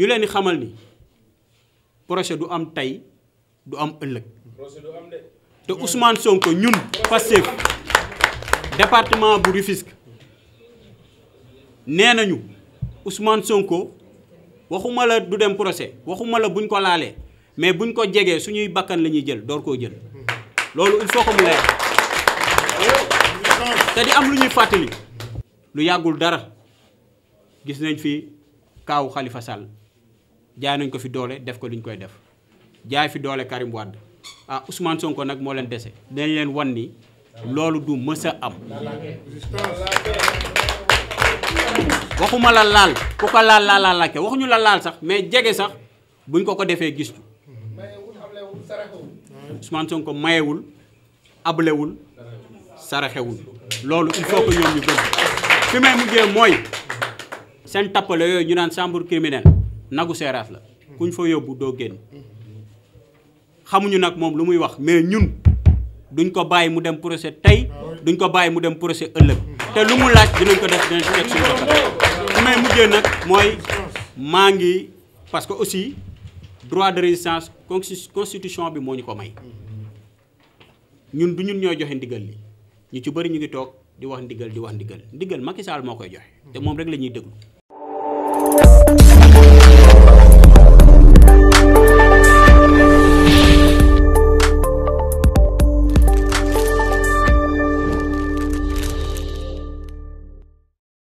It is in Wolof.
ñu leen di xamal ni projet du am tay du am ëllëg te Ousmane Sonko ñun Pastef département bu Rufisque nee nañu Ousmane Sonko waxuma la du dem procès waxuma la buñ ko laalee mais buñ ko jegee suñuy bakkan la ñuy jël door koo jël loolu il faut que mu leer te di am lu ñuy fàttali lu yàggul dara gis nañ fi kaaw Khalifa Sall jaay nañ ko fi doole def ko li ñu koy def jaay fi doole Karim Wade ah Ousmane Sonko nag moo leen dese dañ leen wan ni loolu du mës a am. waxuma la laal ku ko laal laal laal laajte waxuñu la laal sax mais jege sax buñ ko ko defee gistu Ousmane Sonko mayewul ablewul saraxewul loolu il faut que ñoom ñu bëgg fi may mujjee mooy seen tappale yooyu ñu naan chambre criminelle nagu seraf la kuñ fa yobbu do génn xamuñu nak mom lu muy wax mais ñun duñ ko bàyyi mu dem procès tay duñ ko bàyyi mu dem procès ëllëg té lu mu laaj dinañ ko def dinañ ci teg suñu bopp mais mu nag nak moy maangi parce que aussi droit de résistance constitution bi moñ ko may ñun du ñun ñooy joxe ndigal li ñu ci bari ñu ngi tok di wax ndigal di wax ndigal ndigal Macky Sall mo koy joxe té mom rek lañuy la ñuy déglu